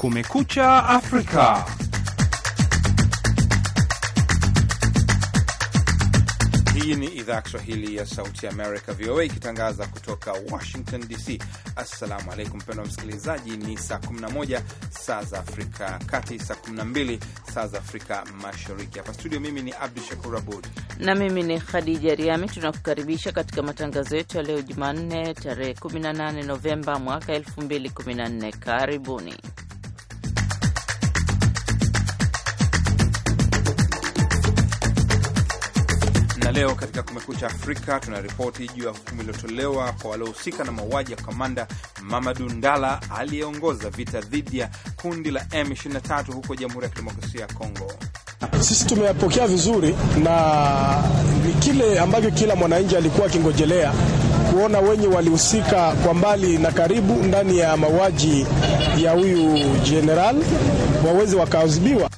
Kumekucha Afrika. Hii ni idhaa ya Kiswahili ya Sauti Amerika, VOA, ikitangaza kutoka Washington DC. Assalamu alaikum mpendwa msikilizaji, ni saa 11 saa za Afrika ya Kati, saa 12 saa za Afrika Mashariki. Hapa studio, mimi ni Abdu Shakur Abud na mimi ni Khadija Riami. Tunakukaribisha katika matangazo yetu ya leo Jumanne, tarehe 18 Novemba mwaka 2014. Karibuni. leo katika Kumekucha Afrika tunaripoti juu ya hukumu iliyotolewa kwa waliohusika na mauaji ya kamanda Mamadu Ndala aliyeongoza vita dhidi ya kundi la M23 huko Jamhuri ya Kidemokrasia ya Kongo. Sisi tumeyapokea vizuri na ni kile ambacho kila mwananchi alikuwa akingojelea kuona wenye walihusika kwa mbali na karibu ndani ya mauaji ya huyu jeneral waweze wakaadhibiwa.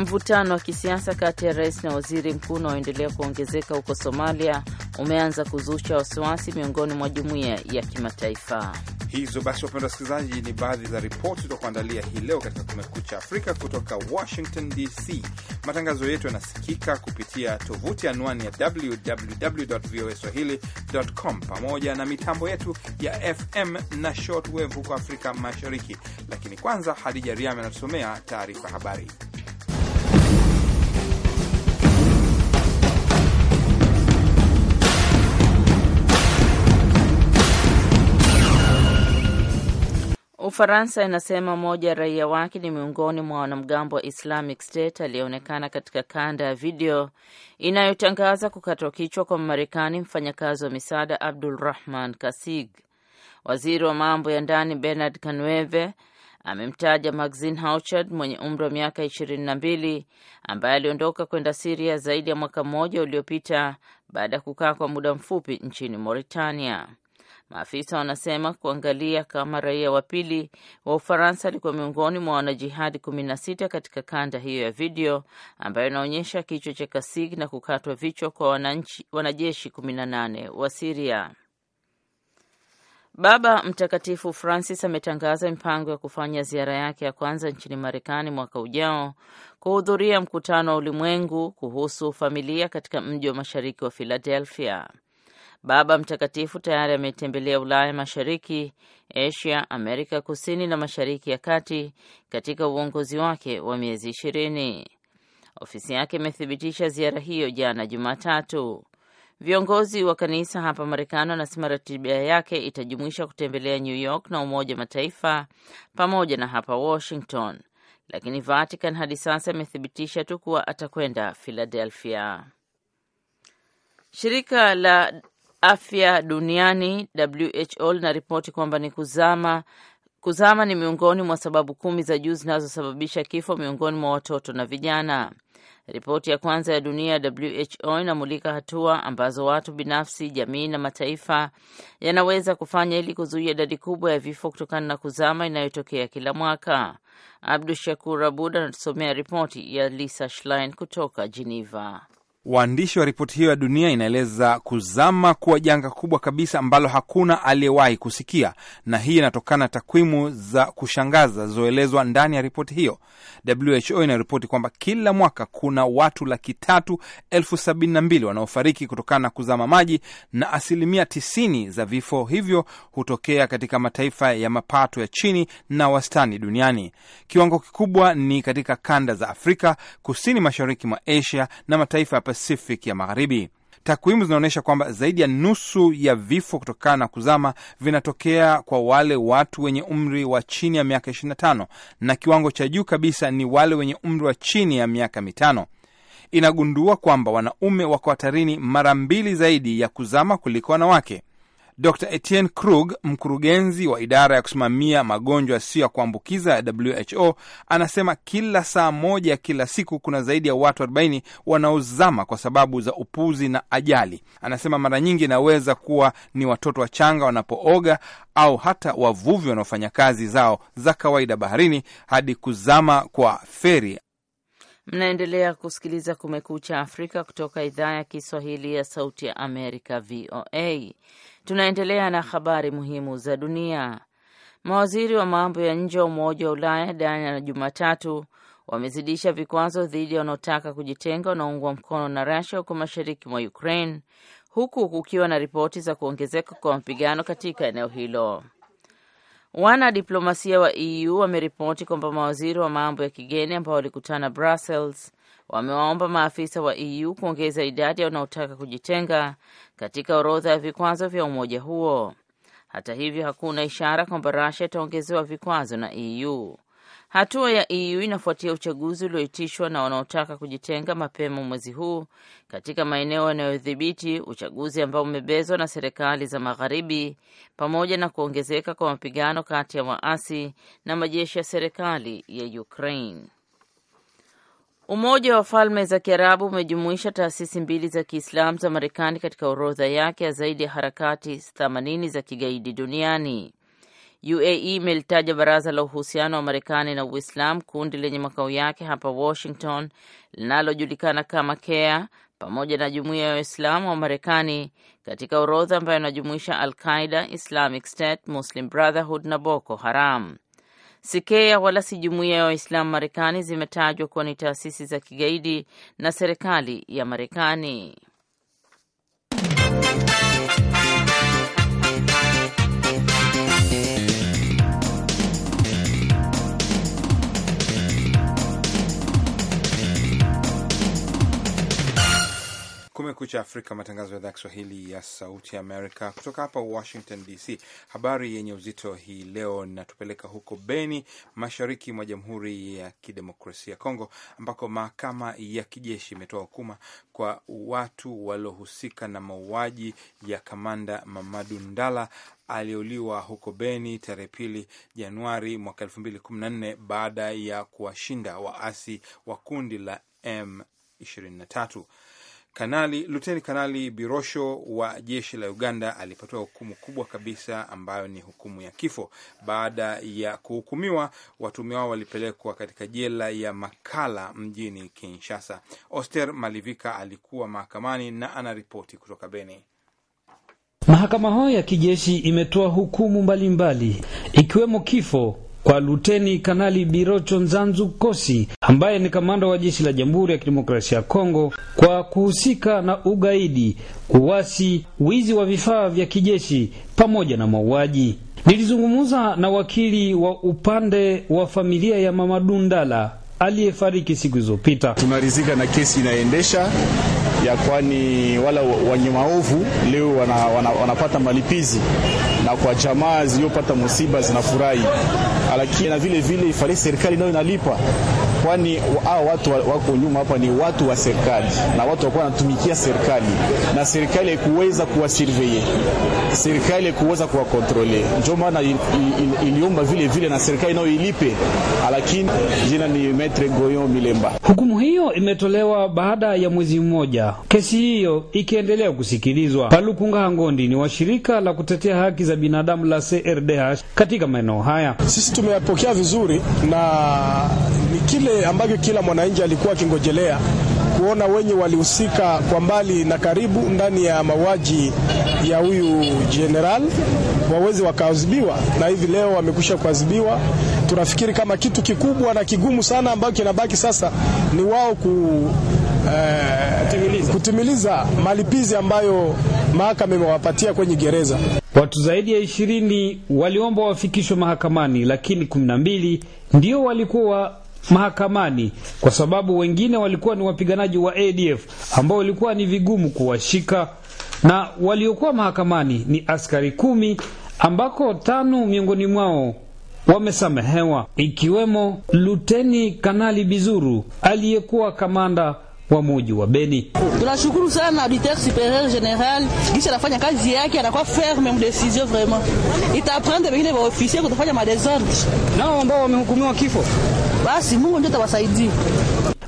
Mvutano wa kisiasa kati ya rais na waziri mkuu unaoendelea kuongezeka huko Somalia umeanza kuzusha wasiwasi miongoni mwa jumuiya ya kimataifa. Hizo basi, wapenda wasikilizaji, ni baadhi za ripoti za kuandalia hii leo katika Kumekucha Afrika kutoka Washington DC. Matangazo yetu yanasikika kupitia tovuti anwani ya www voa swahilicom, pamoja na mitambo yetu ya FM na shortwave huko Afrika Mashariki. Lakini kwanza, Hadija Riame anatusomea taarifa habari. Ufaransa inasema mmoja ya raia wake ni miongoni mwa wanamgambo wa Islamic State aliyeonekana katika kanda ya video inayotangaza kukatwa kichwa kwa Mmarekani, mfanyakazi wa misaada Abdul Rahman Kasig. Waziri wa mambo ya ndani Bernard Canweve amemtaja Maxine Houchard mwenye umri wa miaka ishirini na mbili ambaye aliondoka kwenda Siria zaidi ya mwaka mmoja uliopita baada ya kukaa kwa muda mfupi nchini Mauritania. Maafisa wanasema kuangalia kama raia wa pili wa Ufaransa alikuwa miongoni mwa wanajihadi kumi na sita katika kanda hiyo ya video ambayo inaonyesha kichwa cha Kasig na kukatwa vichwa kwa wananchi, wanajeshi kumi na nane wa Siria. Baba Mtakatifu Francis ametangaza mipango ya kufanya ziara yake ya kwanza nchini Marekani mwaka ujao kuhudhuria mkutano wa ulimwengu kuhusu familia katika mji wa mashariki wa Philadelphia. Baba Mtakatifu tayari ametembelea Ulaya Mashariki, Asia, Amerika Kusini na Mashariki ya Kati katika uongozi wake wa miezi ishirini. Ofisi yake imethibitisha ziara hiyo jana Jumatatu. Viongozi wa kanisa hapa Marekani wanasema ratiba yake itajumuisha kutembelea New York na Umoja Mataifa pamoja na hapa Washington, lakini Vatican hadi sasa imethibitisha tu kuwa atakwenda Philadelphia. Shirika la afya duniani WHO linaripoti kwamba ni kuzama kuzama ni miongoni mwa sababu kumi za juu zinazosababisha kifo miongoni mwa watoto na vijana. Ripoti ya kwanza ya dunia ya WHO inamulika hatua ambazo watu binafsi, jamii na mataifa yanaweza kufanya ili kuzuia idadi kubwa ya vifo kutokana na kuzama inayotokea kila mwaka. Abdu Shakur Abud anatusomea ripoti ya Lisa Schlein kutoka Geneva. Waandishi wa ripoti hiyo ya dunia inaeleza kuzama kuwa janga kubwa kabisa ambalo hakuna aliyewahi kusikia, na hii inatokana na takwimu za kushangaza zilizoelezwa ndani ya ripoti hiyo. WHO inaripoti kwamba kila mwaka kuna watu laki tatu elfu sabini na mbili wanaofariki kutokana na kuzama maji, na asilimia tisini za vifo hivyo hutokea katika mataifa ya mapato ya chini na wastani duniani. Kiwango kikubwa ni katika kanda za Afrika kusini, mashariki mwa Asia na mataifa ya Pacific ya Magharibi. Takwimu zinaonyesha kwamba zaidi ya nusu ya vifo kutokana na kuzama vinatokea kwa wale watu wenye umri wa chini ya miaka 25 na kiwango cha juu kabisa ni wale wenye umri wa chini ya miaka mitano. Inagundua kwamba wanaume wako hatarini mara mbili zaidi ya kuzama kuliko wanawake. Dr Etienne Krug, mkurugenzi wa idara ya kusimamia magonjwa yasiyo ya kuambukiza ya WHO, anasema kila saa moja kila siku kuna zaidi ya watu 40 wanaozama kwa sababu za upuzi na ajali. Anasema mara nyingi inaweza kuwa ni watoto wachanga wanapooga au hata wavuvi wanaofanya kazi zao za kawaida baharini hadi kuzama kwa feri. Mnaendelea kusikiliza Kumekucha Afrika kutoka idhaa ya Kiswahili ya Sauti ya Amerika, VOA. Tunaendelea na habari muhimu za dunia. Mawaziri wa mambo ya nje wa Umoja wa Ulaya jana Jumatatu wamezidisha vikwazo dhidi ya wanaotaka kujitenga wanaoungwa mkono na rasia huko mashariki mwa Ukraine, huku kukiwa na ripoti za kuongezeka kwa mapigano katika eneo hilo. Wanadiplomasia wa EU wameripoti kwamba mawaziri wa mambo ya kigeni ambao walikutana Brussels wamewaomba maafisa wa EU kuongeza idadi ya wanaotaka kujitenga katika orodha ya vikwazo vya umoja huo. Hata hivyo, hakuna ishara kwamba Russia itaongezewa vikwazo na EU. Hatua ya EU inafuatia uchaguzi ulioitishwa na wanaotaka kujitenga mapema mwezi huu katika maeneo yanayodhibiti, uchaguzi ambao umebezwa na serikali za magharibi pamoja na kuongezeka kwa mapigano kati ya waasi na majeshi ya serikali ya Ukraine. Umoja wa Falme za Kiarabu umejumuisha taasisi mbili za Kiislamu za Marekani katika orodha yake ya zaidi ya harakati 80 za kigaidi duniani. UAE imelitaja Baraza la Uhusiano wa Marekani na Uislamu, kundi lenye makao yake hapa Washington linalojulikana kama CARE, pamoja na Jumuiya ya Waislamu wa Marekani katika orodha ambayo inajumuisha Al Qaida, Islamic State, Muslim Brotherhood na Boko Haram. Sikea wala si jumuiya ya Waislamu Marekani zimetajwa kuwa ni taasisi za kigaidi na serikali ya Marekani. Kumekucha Afrika, matangazo ya idhaa Kiswahili ya Sauti Amerika kutoka hapa Washington DC. Habari yenye uzito hii leo inatupeleka huko Beni, mashariki mwa Jamhuri ya Kidemokrasia Kongo, ambako mahakama ya kijeshi imetoa hukuma kwa watu waliohusika na mauaji ya kamanda Mamadu Ndala aliyeuliwa huko Beni tarehe pili Januari mwaka elfu mbili kumi na nne baada ya kuwashinda waasi wa kundi la M23. Kanali Luteni Kanali Birosho wa jeshi la Uganda alipatiwa hukumu kubwa kabisa ambayo ni hukumu ya kifo. Baada ya kuhukumiwa, watumi wao walipelekwa katika jela ya Makala mjini Kinshasa. Oster Malivika alikuwa mahakamani na anaripoti kutoka Beni. Mahakama hayo ya kijeshi imetoa hukumu mbalimbali mbali, ikiwemo kifo kwa Luteni Kanali Birocho Nzanzu Kosi ambaye ni kamanda wa jeshi la Jamhuri ya Kidemokrasia ya Kongo kwa kuhusika na ugaidi, uwasi wizi wa vifaa vya kijeshi pamoja na mauaji. Nilizungumza na wakili wa upande wa familia ya Mama Dundala aliyefariki siku zilizopita. Tunarizika na kesi inaendesha ya kwani wala wenye maovu leo wanapata wana, wana malipizi na kwa jamaa ziliopata musiba zinafurahi, lakini na vile vile ifali serikali nayo inalipa kwani hao watu wako nyuma hapa ni watu wa serikali na watu wakuwa wanatumikia serikali na serikali haikuweza kuwasurveye, serikali haikuweza kuwakontrole. Ndio maana iliomba vile vile na serikali nayo ilipe, lakini jina ni Metre Goyon Milemba. Hukumu hiyo imetolewa baada ya mwezi mmoja, kesi hiyo ikiendelea kusikilizwa. Palukunga Hangondi ni washirika la kutetea haki za binadamu la CRDH katika maeneo haya. Sisi tumeyapokea vizuri na kile ambacho kila mwananchi alikuwa akingojelea kuona wenye walihusika kwa mbali na karibu ndani ya mauaji ya huyu jeneral waweze wakaadhibiwa, na hivi leo wamekusha kuadhibiwa. Tunafikiri kama kitu kikubwa na kigumu sana ambacho kinabaki sasa ni wao ku kutimiliza, eh, kutimiliza malipizi ambayo mahakama imewapatia kwenye gereza. Watu zaidi ya ishirini waliomba wafikishwe mahakamani, lakini kumi na mbili ndio walikuwa mahakamani, kwa sababu wengine walikuwa ni wapiganaji wa ADF ambao walikuwa ni vigumu kuwashika, na waliokuwa mahakamani ni askari kumi ambako tano miongoni mwao wamesamehewa ikiwemo Luteni Kanali Bizuru aliyekuwa kamanda wa muji wa Beni. Tunashukuru sana auditeur superieur general gisi anafanya kazi yake, anakuwa ferme mdecision vraiment itaprendre vengine vaofisier kutofanya madesordre nao ambao wamehukumiwa kifo basi Mungu ndiye atawasaidia.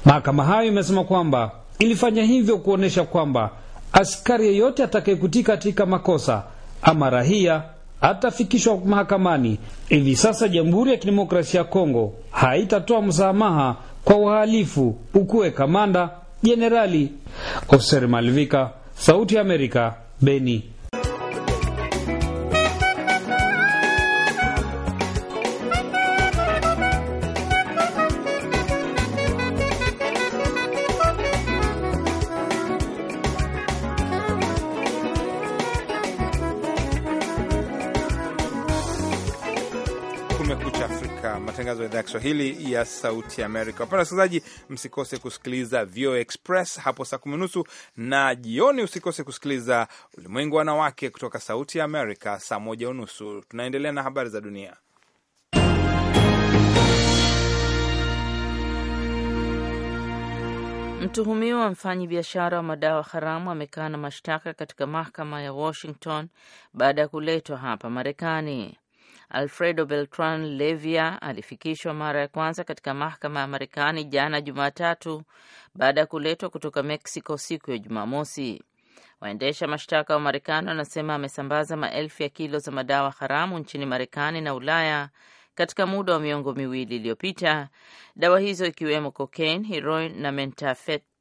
Mahakama hayo imesema kwamba ilifanya hivyo kuonesha kwamba askari yeyote atakayekutika katika makosa ama rahia atafikishwa mahakamani. Hivi sasa Jamhuri ya Kidemokrasia ya Kongo haitatoa msamaha kwa wahalifu, ukuwe kamanda jenerali. Oser Malvika, Sauti ya Amerika, Beni. Kumekucha Afrika, matangazo ya idhaa ya Kiswahili ya Sauti Amerika. Wapenda wasikilizaji, msikose kusikiliza VO Express hapo saa kumi nusu na jioni. Usikose kusikiliza Ulimwengu wa Wanawake kutoka Sauti ya Amerika saa moja unusu. Tunaendelea na habari za dunia. Mtuhumiwa wa mfanyi biashara wa madawa haramu amekaa na mashtaka katika mahakama ya Washington baada ya kuletwa hapa Marekani. Alfredo Beltran Levia alifikishwa mara ya kwanza katika mahakama ya Marekani jana Jumatatu baada ya kuletwa kutoka Mexico siku ya Jumamosi. Waendesha mashtaka wa Marekani wanasema amesambaza maelfu ya kilo za madawa haramu nchini Marekani na Ulaya katika muda wa miongo miwili iliyopita, dawa hizo ikiwemo cocaine, heroin na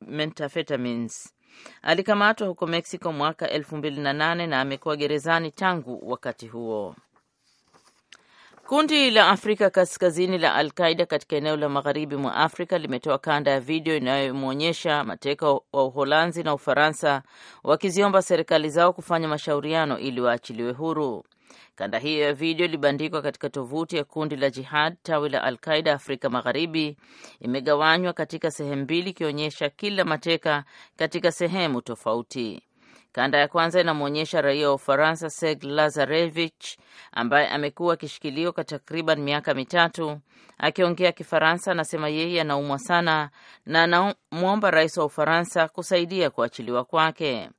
mentafetamins Alikamatwa huko Mexico mwaka 2008 na amekuwa gerezani tangu wakati huo. Kundi la Afrika Kaskazini la Al Qaida katika eneo la magharibi mwa Afrika limetoa kanda ya video inayomwonyesha mateka wa Uholanzi na Ufaransa wakiziomba serikali zao kufanya mashauriano ili waachiliwe huru. Kanda hiyo ya video ilibandikwa katika tovuti ya kundi la Jihad tawi la Al Qaida Afrika Magharibi. Imegawanywa katika sehemu mbili, ikionyesha kila mateka katika sehemu tofauti. Kanda ya kwanza inamwonyesha raia wa Ufaransa seg Lazarevich ambaye amekuwa akishikiliwa kwa takriban miaka mitatu akiongea Kifaransa. Anasema yeye anaumwa sana na anamwomba rais wa Ufaransa kusaidia kuachiliwa kwake.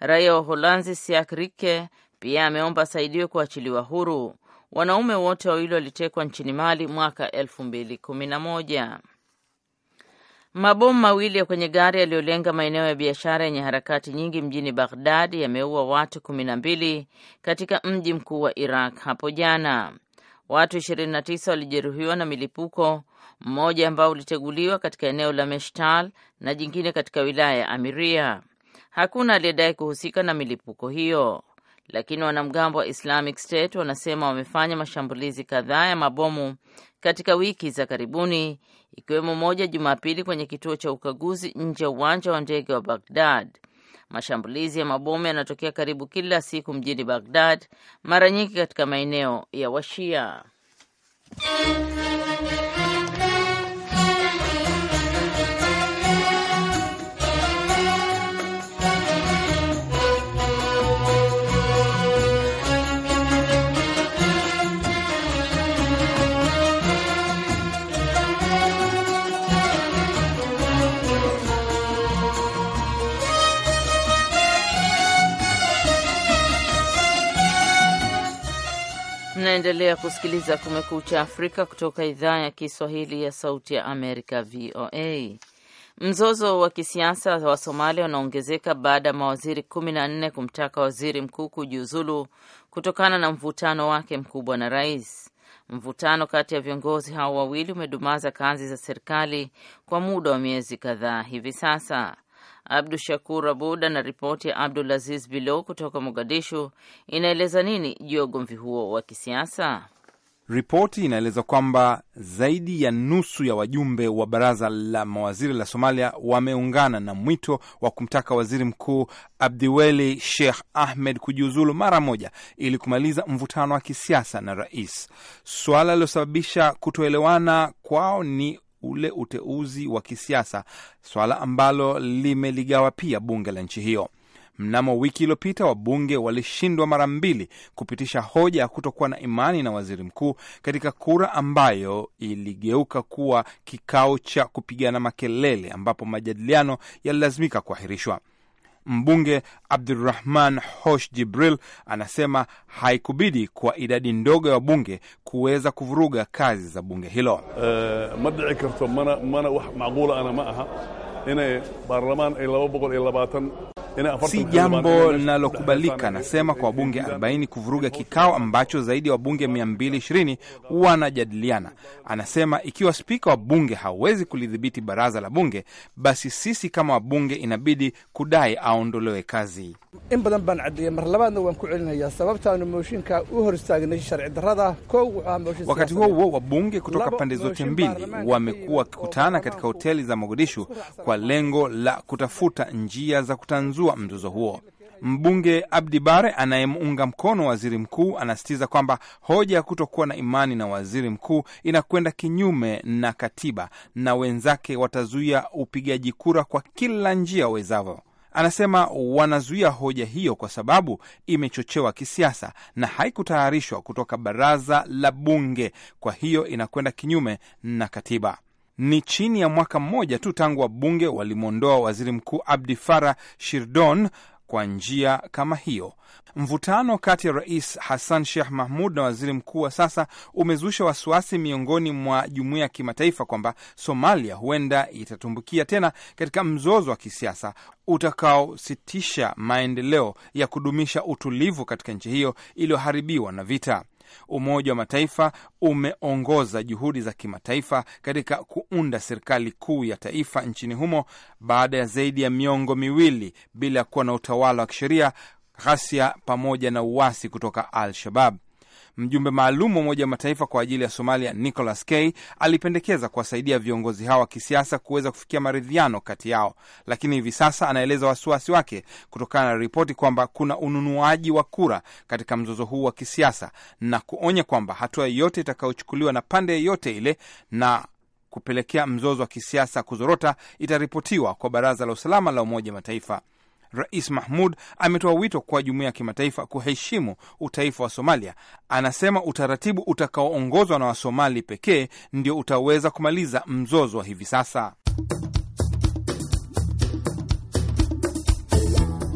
Raia wa Holanzi Siak Rike pia ameomba asaidiwe kuachiliwa huru. Wanaume wote wawili walitekwa nchini Mali mwaka elfu mbili kumi na moja. Mabomu mawili ya kwenye gari yaliyolenga maeneo ya biashara yenye harakati nyingi mjini Baghdad yameua watu kumi na mbili katika mji mkuu wa Iraq hapo jana. Watu 29 walijeruhiwa na milipuko, mmoja ambao uliteguliwa katika eneo la Meshtal na jingine katika wilaya ya Amiria. Hakuna aliyedai kuhusika na milipuko hiyo, lakini wanamgambo wa Islamic State wanasema wamefanya mashambulizi kadhaa ya mabomu katika wiki za karibuni, ikiwemo moja Jumapili kwenye kituo cha ukaguzi nje ya uwanja wa ndege wa bagdad Mashambulizi ya mabomu yanatokea karibu kila siku mjini bagdad mara nyingi katika maeneo ya Washia. Unaendelea kusikiliza Kumekucha Afrika kutoka idhaa ya Kiswahili ya Sauti ya Amerika, VOA. Mzozo wa kisiasa wa Somalia unaongezeka baada ya mawaziri kumi na nne kumtaka waziri mkuu kujiuzulu kutokana na mvutano wake mkubwa na rais. Mvutano kati ya viongozi hao wawili umedumaza kazi za serikali kwa muda wa miezi kadhaa hivi sasa. Abdu Shakur Abud ana ripoti ya Abdul Aziz Bilo kutoka Mogadishu. Inaeleza nini juu ya ugomvi huo wa kisiasa? Ripoti inaeleza kwamba zaidi ya nusu ya wajumbe wa baraza la mawaziri la Somalia wameungana na mwito wa kumtaka waziri mkuu Abdiweli Sheikh Ahmed kujiuzulu mara moja ili kumaliza mvutano wa kisiasa na rais. Suala lililosababisha kutoelewana kwao ni ule uteuzi wa kisiasa, swala ambalo limeligawa pia bunge la nchi hiyo. Mnamo wiki iliyopita wabunge walishindwa mara mbili kupitisha hoja ya kutokuwa na imani na waziri mkuu katika kura ambayo iligeuka kuwa kikao cha kupigana makelele, ambapo majadiliano yalilazimika kuahirishwa. Mbunge abdurrahman Hosh Jibril anasema haikubidi kwa idadi ndogo ya wabunge kuweza kuvuruga kazi za bunge hilo. Eh, madici karto mana, mana wax macquula ana ma aha inay baarlamaan ay laba boqol iyo labaatan si jambo linalokubalika, nasema kwa wabunge 40 kuvuruga kikao ambacho zaidi ya wabunge 220 wanajadiliana. Anasema ikiwa spika wa bunge hawezi kulidhibiti baraza la bunge, basi sisi kama wabunge inabidi kudai aondolewe kazi. in badan baan caddeeyey mar labaadna waan ku celinayaa sababtaanu mooshinka u hor istaagnay sharci darada Wakati huo huo, wabunge kutoka pande zote mbili wamekuwa wakikutana katika hoteli za Mogadishu kwa lengo la kutafuta njia za kutanzua kuzua mzozo huo. Mbunge Abdi Bare anayemuunga mkono waziri mkuu anasisitiza kwamba hoja ya kutokuwa na imani na waziri mkuu inakwenda kinyume na katiba na wenzake watazuia upigaji kura kwa kila njia wezavyo. Anasema wanazuia hoja hiyo kwa sababu imechochewa kisiasa na haikutayarishwa kutoka baraza la bunge, kwa hiyo inakwenda kinyume na katiba. Ni chini ya mwaka mmoja tu tangu wabunge walimwondoa waziri mkuu Abdi Farah Shirdon kwa njia kama hiyo. Mvutano kati ya rais Hassan Sheikh Mahmud na waziri mkuu wa sasa umezusha wasiwasi miongoni mwa jumuiya ya kimataifa kwamba Somalia huenda itatumbukia tena katika mzozo wa kisiasa utakaositisha maendeleo ya kudumisha utulivu katika nchi hiyo iliyoharibiwa na vita. Umoja wa Mataifa umeongoza juhudi za kimataifa katika kuunda serikali kuu ya taifa nchini humo baada ya zaidi ya miongo miwili bila ya kuwa na utawala wa kisheria, ghasia pamoja na uasi kutoka Al Shabab. Mjumbe maalum wa Umoja wa Mataifa kwa ajili ya Somalia Nicholas K alipendekeza kuwasaidia viongozi hao wa kisiasa kuweza kufikia maridhiano kati yao, lakini hivi sasa anaeleza wasiwasi wake kutokana na ripoti kwamba kuna ununuaji wa kura katika mzozo huu wa kisiasa na kuonya kwamba hatua yoyote itakayochukuliwa na pande yoyote ile na kupelekea mzozo wa kisiasa kuzorota itaripotiwa kwa Baraza la Usalama la Umoja wa Mataifa. Rais Mahmud ametoa wito kwa jumuiya ya kimataifa kuheshimu utaifa wa Somalia. Anasema utaratibu utakaoongozwa na Wasomali pekee ndio utaweza kumaliza mzozo wa hivi sasa.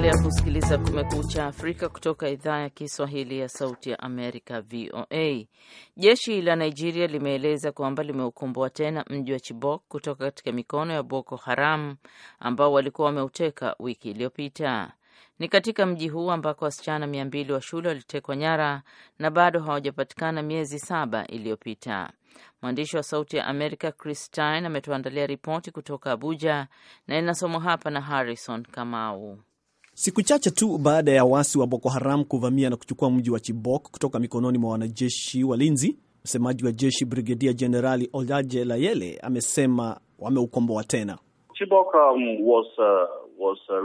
Unaendelea kusikiliza Kumekucha Afrika kutoka idhaa ya Kiswahili ya Sauti ya Amerika, VOA. Jeshi la Nigeria limeeleza kwamba limeukomboa tena mji wa Chibok kutoka katika mikono ya Boko Haram ambao walikuwa wameuteka wiki iliyopita. Ni katika mji huu ambako wasichana mia mbili wa shule walitekwa nyara na bado hawajapatikana miezi saba iliyopita. Mwandishi wa Sauti ya Amerika Chris Stein ametuandalia ripoti kutoka Abuja na inasomwa hapa na Harrison Kamau. Siku chache tu baada ya wasi wa Boko Haram kuvamia na kuchukua mji wa Chibok kutoka mikononi mwa wanajeshi walinzi, msemaji wa jeshi Brigedia Jenerali Olaje Layele amesema wameukomboa tena Chibok, um, was, uh, was, uh,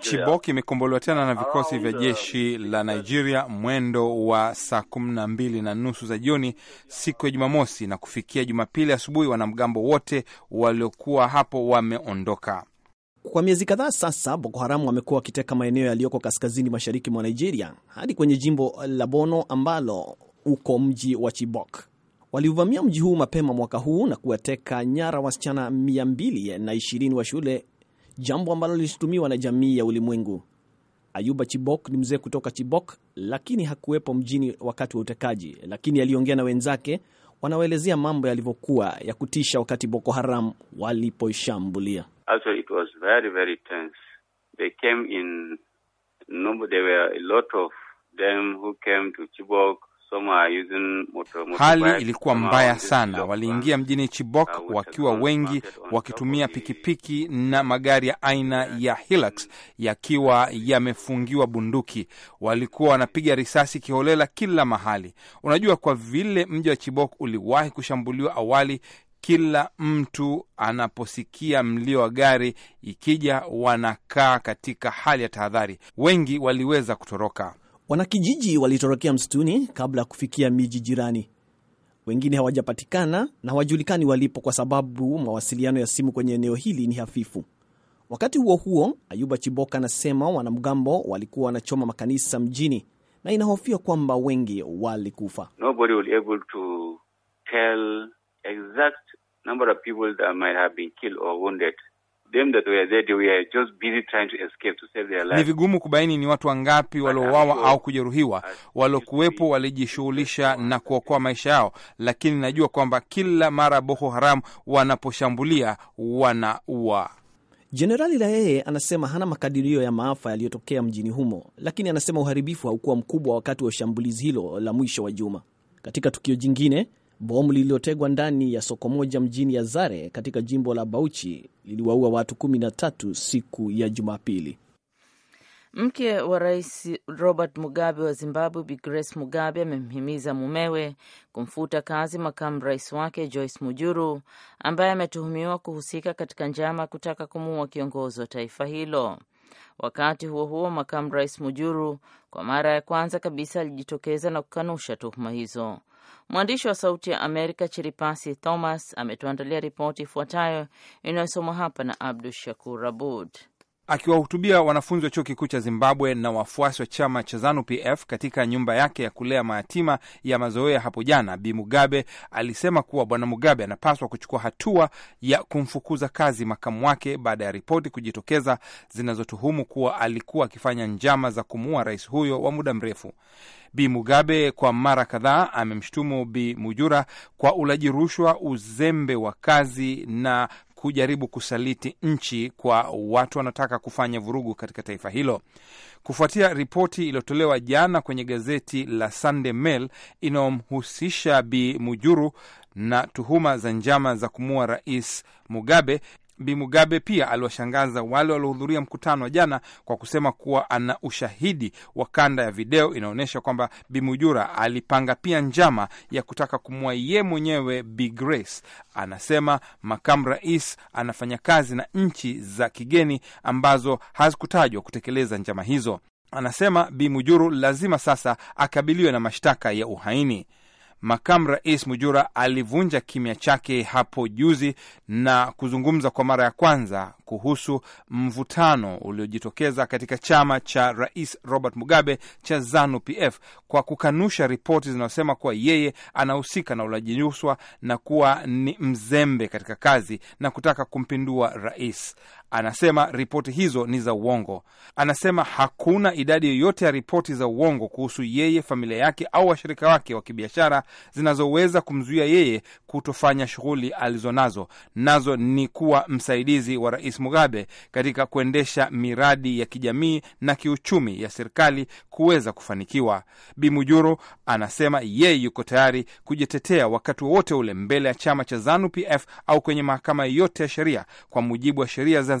Chibok imekombolewa tena na vikosi vya uh, jeshi la Nigeria mwendo wa saa kumi na mbili na nusu za jioni siku ya Jumamosi, na kufikia Jumapili asubuhi wanamgambo wote waliokuwa hapo wameondoka. Kwa miezi kadhaa sasa, Boko Haramu wamekuwa wakiteka maeneo yaliyoko kaskazini mashariki mwa Nigeria hadi kwenye jimbo la Bono ambalo uko mji wa Chibok. Waliuvamia mji huu mapema mwaka huu na kuwateka nyara wasichana 220 wa shule jambo ambalo lilishutumiwa na jamii ya ulimwengu. Ayuba Chibok ni mzee kutoka Chibok, lakini hakuwepo mjini wakati wa utekaji, lakini aliongea na wenzake wanaoelezea mambo yalivyokuwa ya kutisha wakati Boko Haram walipoishambulia. Chibok Hali ilikuwa mbaya sana. Waliingia uh, mjini Chibok uh, wakiwa wengi, wakitumia pikipiki na magari ya aina ya Hilux yakiwa yamefungiwa bunduki. Walikuwa wanapiga risasi kiholela kila mahali. Unajua, kwa vile mji wa Chibok uliwahi kushambuliwa awali kila mtu anaposikia mlio wa gari ikija, wanakaa katika hali ya tahadhari. Wengi waliweza kutoroka. Wanakijiji walitorokea msituni kabla ya kufikia miji jirani. Wengine hawajapatikana na hawajulikani walipo kwa sababu mawasiliano ya simu kwenye eneo hili ni hafifu. Wakati huo huo, Ayuba Chiboka anasema wanamgambo walikuwa wanachoma makanisa mjini na inahofia kwamba wengi walikufa them that were there, they were just busy trying to escape to save their lives. Ni vigumu kubaini ni watu wangapi waliowawa au kujeruhiwa. Waliokuwepo walijishughulisha na kuokoa maisha yao, lakini najua kwamba kila mara Boko Haram wanaposhambulia wanaua. Jenerali Layeye anasema hana makadirio ya maafa yaliyotokea mjini humo, lakini anasema uharibifu haukuwa mkubwa wakati wa shambulizi hilo la mwisho wa juma. Katika tukio jingine Bomu lililotegwa ndani ya soko moja mjini Yazare katika jimbo la Bauchi liliwaua watu 13 siku ya Jumapili. Mke wa rais Robert Mugabe wa Zimbabwe, Bi Grace Mugabe amemhimiza mumewe kumfuta kazi makamu rais wake Joyce Mujuru ambaye ametuhumiwa kuhusika katika njama ya kutaka kumuua kiongozi wa taifa hilo. Wakati huo huo, makamu rais Mujuru kwa mara ya kwanza kabisa alijitokeza na kukanusha tuhuma hizo. Mwandishi wa Sauti ya Amerika Chiripasi Thomas ametuandalia ripoti ifuatayo inayosomwa hapa na Abdu Shakur Abud. Akiwahutubia wanafunzi wa chuo kikuu cha Zimbabwe na wafuasi wa chama cha ZANU-PF katika nyumba yake ya kulea mayatima ya Mazoea hapo jana, Bi Mugabe alisema kuwa Bwana Mugabe anapaswa kuchukua hatua ya kumfukuza kazi makamu wake baada ya ripoti kujitokeza zinazotuhumu kuwa alikuwa akifanya njama za kumuua rais huyo wa muda mrefu. Bi Mugabe kwa mara kadhaa amemshutumu Bi Mujura kwa ulaji rushwa, uzembe wa kazi na kujaribu kusaliti nchi kwa watu wanataka kufanya vurugu katika taifa hilo. Kufuatia ripoti iliyotolewa jana kwenye gazeti la Sunday Mail inayomhusisha Bi Mujuru na tuhuma za njama za kumua Rais Mugabe, Bimugabe Mugabe pia aliwashangaza wale waliohudhuria mkutano wa jana kwa kusema kuwa ana ushahidi wa kanda ya video inaonyesha kwamba Bi Mujura alipanga pia njama ya kutaka kumua ye mwenyewe Bi Grace. Anasema makamu rais anafanya kazi na nchi za kigeni ambazo hazikutajwa kutekeleza njama hizo. Anasema Bi Mujuru lazima sasa akabiliwe na mashtaka ya uhaini. Makamu Rais Mujura alivunja kimya chake hapo juzi na kuzungumza kwa mara ya kwanza kuhusu mvutano uliojitokeza katika chama cha Rais Robert Mugabe cha ZANU PF kwa kukanusha ripoti zinazosema kuwa yeye anahusika na ulaji rushwa na kuwa ni mzembe katika kazi na kutaka kumpindua rais. Anasema ripoti hizo ni za uongo. Anasema hakuna idadi yoyote ya ripoti za uongo kuhusu yeye, familia yake au washirika wake wa kibiashara zinazoweza kumzuia yeye kutofanya shughuli alizonazo, nazo ni kuwa msaidizi wa Rais Mugabe katika kuendesha miradi ya kijamii na kiuchumi ya serikali kuweza kufanikiwa. Bimujuru anasema yeye yuko tayari kujitetea wakati wowote ule mbele ya chama cha ZANU PF au kwenye mahakama yote ya sheria kwa mujibu wa sheria za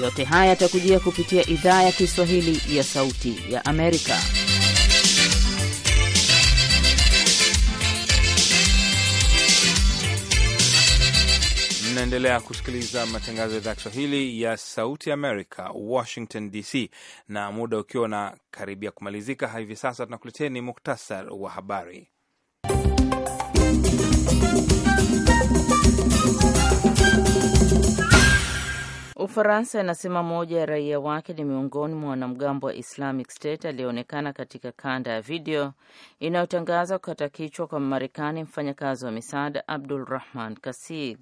Yote haya yatakujia kupitia idhaa ya Kiswahili ya Sauti ya Amerika. Naendelea kusikiliza matangazo ya idhaa ya Kiswahili ya Sauti Amerika, Washington DC, na muda ukiwa unakaribia kumalizika hivi sasa, tunakuletea ni muktasar wa habari Ufaransa inasema moja ya raia wake ni miongoni mwa wanamgambo wa Islamic State aliyeonekana katika kanda ya video inayotangaza kukata kichwa kwa Marekani mfanyakazi wa misaada Abdul Rahman Kasig.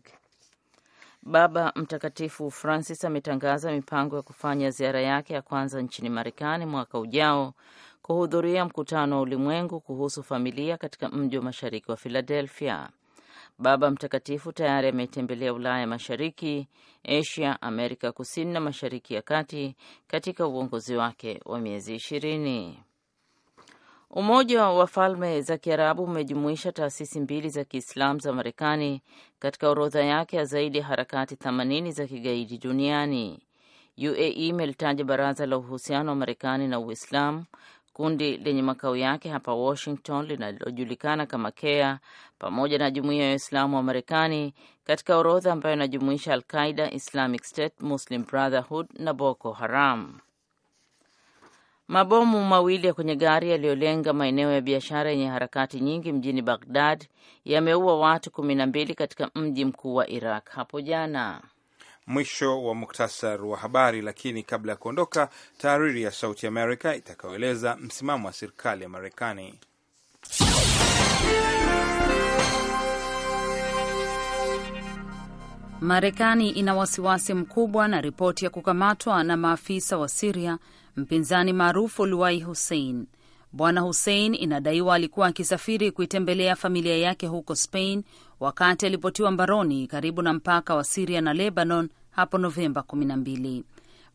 Baba Mtakatifu Francis ametangaza mipango ya kufanya ziara yake ya kwanza nchini Marekani mwaka ujao kuhudhuria mkutano wa ulimwengu kuhusu familia katika mji wa mashariki wa Philadelphia. Baba Mtakatifu tayari ametembelea Ulaya Mashariki, Asia, Amerika Kusini na Mashariki ya Kati katika uongozi wake wa miezi ishirini. Umoja wa Falme za Kiarabu umejumuisha taasisi mbili za Kiislamu za Marekani katika orodha yake ya zaidi ya harakati 80 za kigaidi duniani. UAE imelitaja Baraza la Uhusiano wa Marekani na Uislamu kundi lenye makao yake hapa Washington linalojulikana kama Kea pamoja na jumuiya ya Waislamu wa Marekani katika orodha ambayo inajumuisha Alqaida, Islamic State, Muslim Brotherhood na Boko Haram. Mabomu mawili ya kwenye gari yaliyolenga maeneo ya biashara yenye harakati nyingi mjini Baghdad yameua watu kumi na mbili katika mji mkuu wa Iraq hapo jana. Mwisho wa muktasar wa habari. Lakini kabla ya kuondoka, tahariri ya Sauti Amerika itakayoeleza msimamo wa serikali ya Marekani. Marekani ina wasiwasi mkubwa na ripoti ya kukamatwa na maafisa wa Siria mpinzani maarufu Luai Hussein. Bwana Hussein inadaiwa alikuwa akisafiri kuitembelea familia yake huko Spain wakati alipotiwa mbaroni karibu na mpaka wa Siria na Lebanon hapo Novemba 12.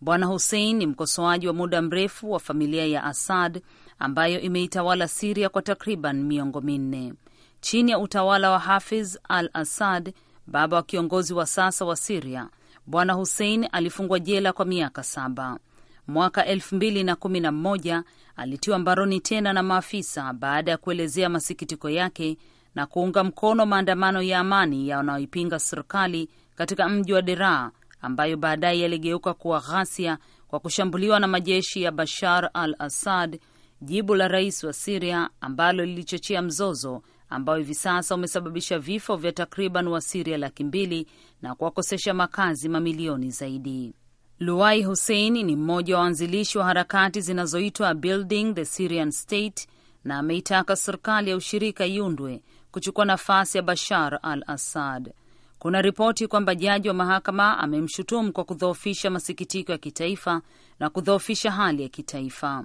Bwana Hussein ni mkosoaji wa muda mrefu wa familia ya Assad ambayo imeitawala Siria kwa takriban miongo minne chini ya utawala wa Hafiz al-Assad, baba wa kiongozi wa sasa wa Siria. Bwana Hussein alifungwa jela kwa miaka saba. Mwaka elfu mbili na kumi na mmoja alitiwa mbaroni tena na maafisa baada ya kuelezea masikitiko yake na kuunga mkono maandamano ya amani yanayoipinga serikali katika mji wa Deraa ambayo baadaye yaligeuka kuwa ghasia kwa kushambuliwa na majeshi ya Bashar al-Assad, jibu la rais wa Siria ambalo lilichochea mzozo ambao hivi sasa umesababisha vifo vya takriban Wasiria laki mbili na kuwakosesha makazi mamilioni zaidi. Luai Hussein ni mmoja wa waanzilishi wa harakati zinazoitwa Building the Syrian State na ameitaka serikali ya ushirika iundwe kuchukua nafasi ya Bashar al Assad. Kuna ripoti kwamba jaji wa mahakama amemshutumu kwa kudhoofisha masikitiko ya kitaifa na kudhoofisha hali ya kitaifa.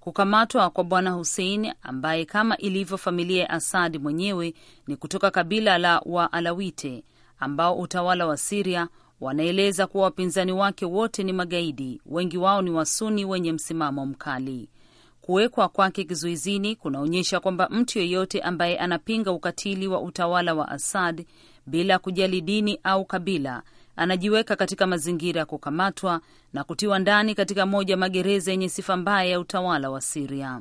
Kukamatwa kwa bwana Hussein ambaye kama ilivyo familia ya Asadi mwenyewe ni kutoka kabila la Waalawite ambao utawala wa Siria wanaeleza kuwa wapinzani wake wote ni magaidi, wengi wao ni Wasuni wenye msimamo mkali. Kuwekwa kwake kizuizini kunaonyesha kwamba mtu yeyote ambaye anapinga ukatili wa utawala wa Assad bila kujali dini au kabila anajiweka katika mazingira ya kukamatwa na kutiwa ndani katika moja magereza yenye sifa mbaya ya utawala wa Siria.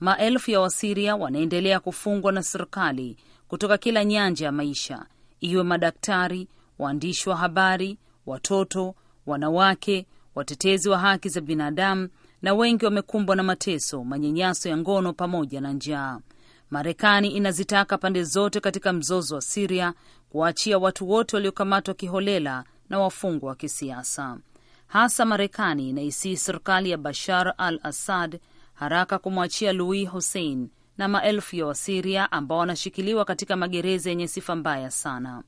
Maelfu ya Wasiria wanaendelea kufungwa na serikali kutoka kila nyanja ya maisha, iwe madaktari, waandishi wa habari, watoto, wanawake, watetezi wa haki za binadamu na wengi wamekumbwa na mateso, manyanyaso ya ngono pamoja na njaa. Marekani inazitaka pande zote katika mzozo wa Siria kuwaachia watu wote waliokamatwa kiholela na wafungwa wa kisiasa. Hasa Marekani inaisii serikali ya Bashar al Assad haraka kumwachia Louis Hussein na maelfu ya Wasiria ambao wanashikiliwa katika magereza yenye sifa mbaya sana.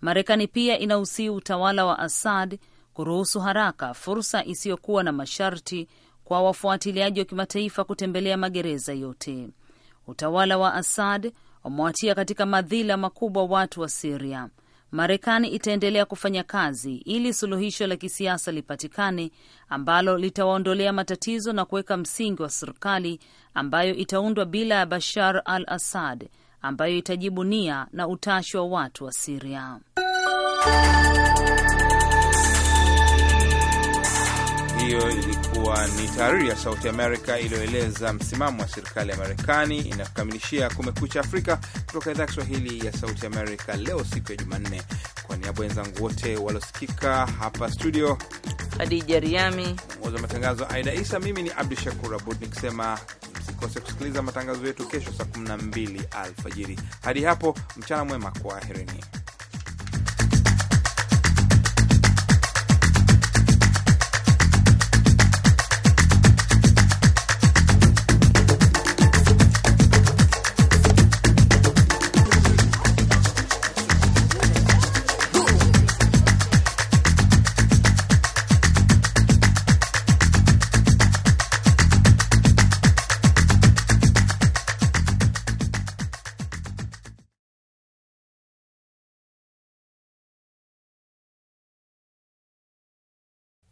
Marekani pia inahusii utawala wa Assad kuruhusu haraka fursa isiyokuwa na masharti kwa wafuatiliaji wa kimataifa kutembelea magereza yote. Utawala wa Assad umewatia katika madhila makubwa watu wa Siria. Marekani itaendelea kufanya kazi ili suluhisho la kisiasa lipatikane ambalo litawaondolea matatizo na kuweka msingi wa serikali ambayo itaundwa bila ya Bashar al Assad, ambayo itajibu nia na utashi wa watu wa Siria. hiyo ilikuwa ni tahariri ya Sauti Amerika iliyoeleza msimamo wa serikali ya Marekani. Inakamilishia Kumekucha Afrika kutoka idhaa Kiswahili ya Sauti Amerika leo siku ya Jumanne. Kwa niaba wenzangu wote waliosikika hapa studio, Hadija Riami mwongozi wa matangazo, Aida Isa, mimi ni Abdu Shakur Abud nikisema msikose kusikiliza matangazo yetu kesho saa 12 alfajiri. Hadi hapo mchana mwema, kwaherini.